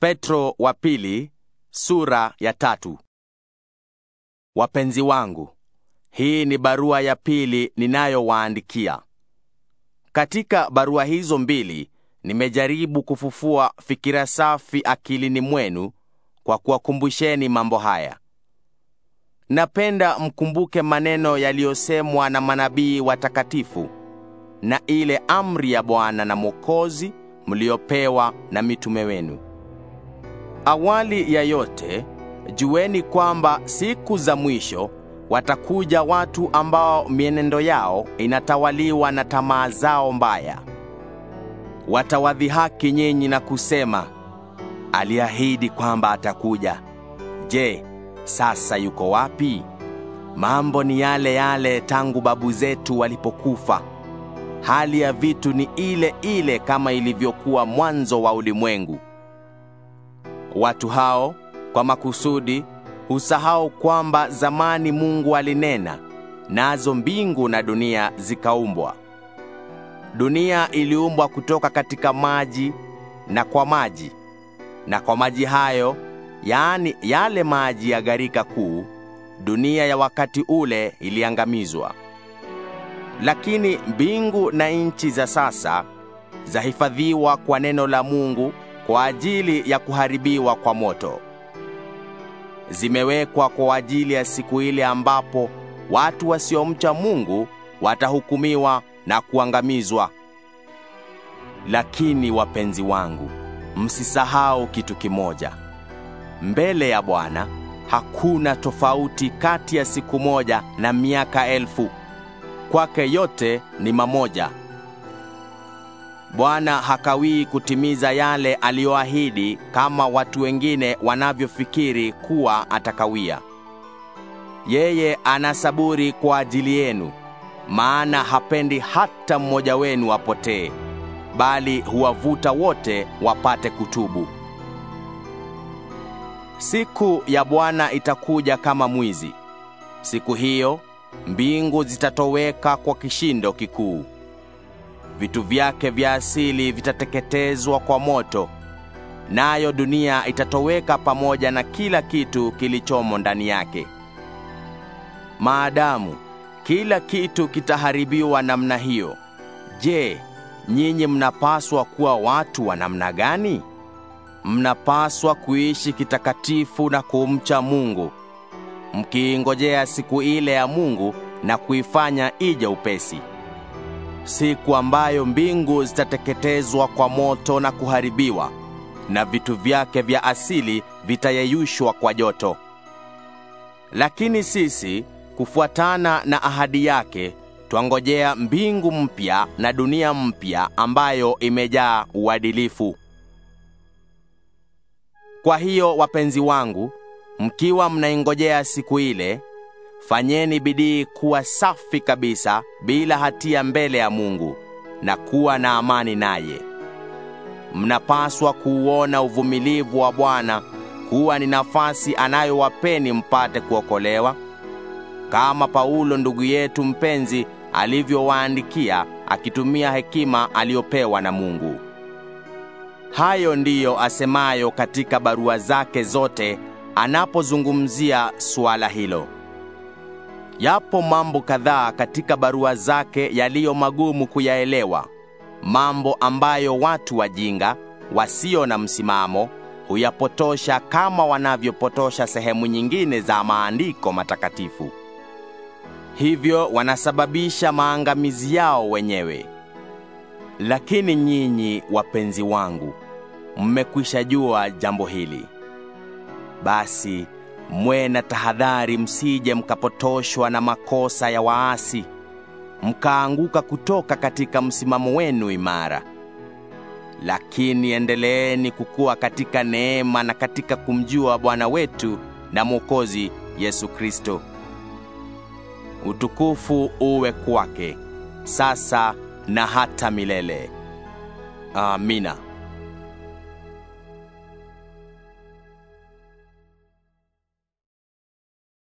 Petro wa pili, sura ya tatu. Wapenzi wangu, hii ni barua ya pili ninayowaandikia. Katika barua hizo mbili nimejaribu kufufua fikira safi akilini mwenu kwa kuwakumbusheni mambo haya. Napenda mkumbuke maneno yaliyosemwa na manabii watakatifu na ile amri ya Bwana na Mwokozi mliopewa na mitume wenu. Awali ya yote, jueni kwamba siku za mwisho watakuja watu ambao mienendo yao inatawaliwa na tamaa zao mbaya. Watawadhihaki nyinyi na kusema, aliahidi kwamba atakuja. Je, sasa yuko wapi? Mambo ni yale yale tangu babu zetu walipokufa. Hali ya vitu ni ile ile kama ilivyokuwa mwanzo wa ulimwengu. Watu hao kwa makusudi husahau kwamba zamani Mungu alinena, nazo mbingu na dunia zikaumbwa. Dunia iliumbwa kutoka katika maji na kwa maji, na kwa maji hayo, yaani yale maji ya gharika kuu, dunia ya wakati ule iliangamizwa. Lakini mbingu na nchi za sasa zahifadhiwa kwa neno la Mungu kwa ajili ya kuharibiwa kwa moto. Zimewekwa kwa ajili ya siku ile ambapo watu wasiomcha Mungu watahukumiwa na kuangamizwa. Lakini wapenzi wangu, msisahau kitu kimoja. Mbele ya Bwana hakuna tofauti kati ya siku moja na miaka elfu. Kwake yote ni mamoja. Bwana hakawii kutimiza yale aliyoahidi kama watu wengine wanavyofikiri kuwa atakawia. Yeye ana saburi kwa ajili yenu, maana hapendi hata mmoja wenu apotee, bali huwavuta wote wapate kutubu. Siku ya Bwana itakuja kama mwizi. Siku hiyo mbingu zitatoweka kwa kishindo kikuu vitu vyake vya asili vitateketezwa kwa moto, nayo dunia itatoweka pamoja na kila kitu kilichomo ndani yake. Maadamu kila kitu kitaharibiwa namna hiyo, je, nyinyi mnapaswa kuwa watu wa namna gani? Mnapaswa kuishi kitakatifu na kumcha Mungu, mkiingojea siku ile ya Mungu na kuifanya ije upesi siku ambayo mbingu zitateketezwa kwa moto na kuharibiwa, na vitu vyake vya asili vitayeyushwa kwa joto. Lakini sisi, kufuatana na ahadi yake, twangojea mbingu mpya na dunia mpya ambayo imejaa uadilifu. Kwa hiyo, wapenzi wangu, mkiwa mnaingojea siku ile fanyeni bidii kuwa safi kabisa bila hatia mbele ya Mungu na kuwa na amani naye. Mnapaswa kuuona uvumilivu wa Bwana kuwa ni nafasi anayowapeni mpate kuokolewa, kama Paulo ndugu yetu mpenzi alivyowaandikia akitumia hekima aliyopewa na Mungu. Hayo ndiyo asemayo katika barua zake zote anapozungumzia suala hilo. Yapo mambo kadhaa katika barua zake yaliyo magumu kuyaelewa, mambo ambayo watu wajinga wasio na msimamo huyapotosha kama wanavyopotosha sehemu nyingine za maandiko matakatifu. Hivyo wanasababisha maangamizi yao wenyewe. Lakini nyinyi wapenzi wangu, mmekwisha jua jambo hili. Basi mwe na tahadhari, msije mkapotoshwa na makosa ya waasi, mkaanguka kutoka katika msimamo wenu imara. Lakini endeleeni kukua katika neema na katika kumjua Bwana wetu na Mwokozi Yesu Kristo. Utukufu uwe kwake sasa na hata milele. Amina.